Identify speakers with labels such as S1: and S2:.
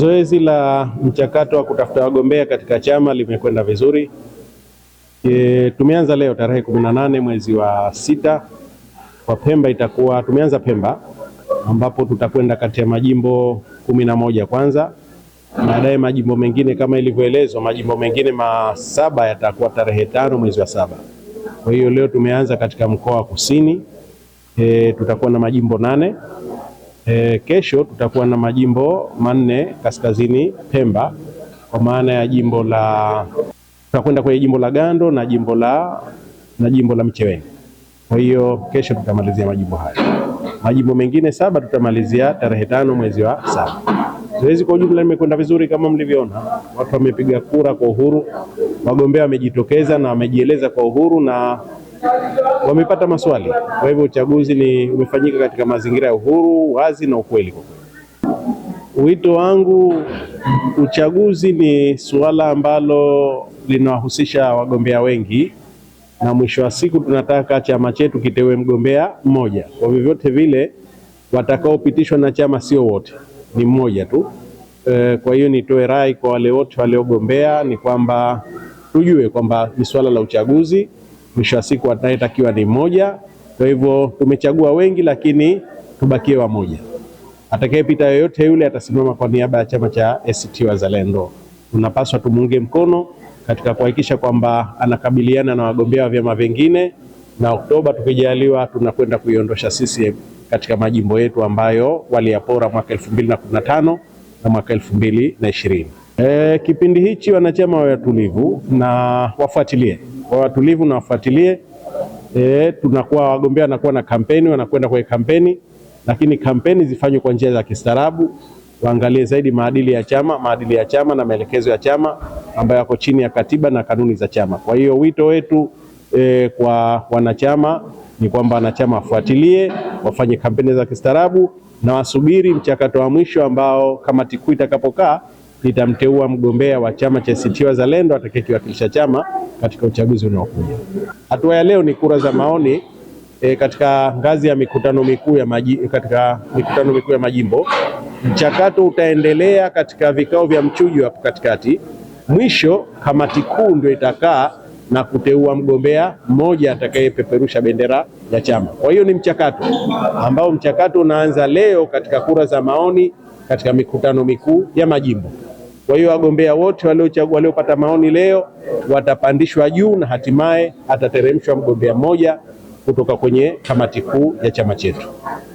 S1: Zoezi la mchakato wa kutafuta wagombea katika chama limekwenda vizuri. E, tumeanza leo tarehe 18 mwezi wa sita kwa Pemba, itakuwa tumeanza Pemba ambapo tutakwenda kati ya majimbo kumi na moja kwanza, baadaye majimbo mengine kama ilivyoelezwa, majimbo mengine masaba yatakuwa tarehe tano mwezi wa saba. Kwa hiyo leo tumeanza katika mkoa wa Kusini, e, tutakuwa na majimbo nane E, kesho tutakuwa na majimbo manne kaskazini Pemba kwa maana ya jimbo la tutakwenda kwenye jimbo la Gando na jimbo la na jimbo la Micheweni. Kwa hiyo kesho tutamalizia majimbo hayo. Majimbo mengine saba tutamalizia tarehe tano mwezi wa saba. Zoezi kwa ujumla limekwenda vizuri kama mlivyoona, watu wamepiga kura kwa uhuru, wagombea wamejitokeza na wamejieleza kwa uhuru na wamepata maswali. Kwa hivyo uchaguzi ni umefanyika katika mazingira ya uhuru, wazi na ukweli. Kwa kweli, wito wangu, uchaguzi ni suala ambalo linawahusisha wagombea wengi, na mwisho wa siku tunataka chama chetu kiteue mgombea mmoja. Kwa vyovyote vile, watakaopitishwa na chama sio wote, ni mmoja tu. E, kwa hiyo nitoe rai kwa wale wote waliogombea ni kwamba tujue kwamba ni swala la uchaguzi mwisho wa siku anayetakiwa ni mmoja. Kwa hivyo tumechagua wengi, lakini tubakie wamoja. Atakayepita yoyote yule atasimama kwa niaba ya chama cha ACT Wazalendo. Tunapaswa tumuunge mkono katika kuhakikisha kwamba anakabiliana na wagombea wa vyama vingine, na Oktoba tukijaliwa, tunakwenda kuiondosha CCM katika majimbo yetu ambayo waliyapora mwaka 2015 na mwaka 2020. E, eh, kipindi hichi wanachama wa watulivu na wafuatilie kwa watulivu na wafuatilie. E, tunakuwa wagombea wanakuwa na kampeni, wanakwenda kwenye kampeni, lakini kampeni zifanywe kwa njia za kistaarabu. Waangalie zaidi maadili ya chama, maadili ya chama na maelekezo ya chama ambayo yako chini ya katiba na kanuni za chama. Kwa hiyo wito wetu e, kwa wanachama ni kwamba wanachama wafuatilie, wafanye kampeni za kistaarabu na wasubiri mchakato wa mwisho ambao kamati kuu itakapokaa litamteua mgombea wa chama cha ACT Wazalendo atakayekiwakilisha chama katika uchaguzi unaokuja. Hatua ya leo ni kura za maoni e, katika ngazi ya mikutano mikuu ya maji, katika mikutano mikuu ya majimbo. Mchakato utaendelea katika vikao vya mchujo hapo katikati. Mwisho kamati kuu ndio itakaa na kuteua mgombea mmoja atakayepeperusha bendera ya chama. Kwa hiyo ni mchakato ambao mchakato unaanza leo katika kura za maoni katika mikutano mikuu ya majimbo. Kwa hiyo wagombea wote waliopata maoni leo watapandishwa juu na hatimaye atateremshwa mgombea mmoja kutoka kwenye kamati kuu ya chama chetu.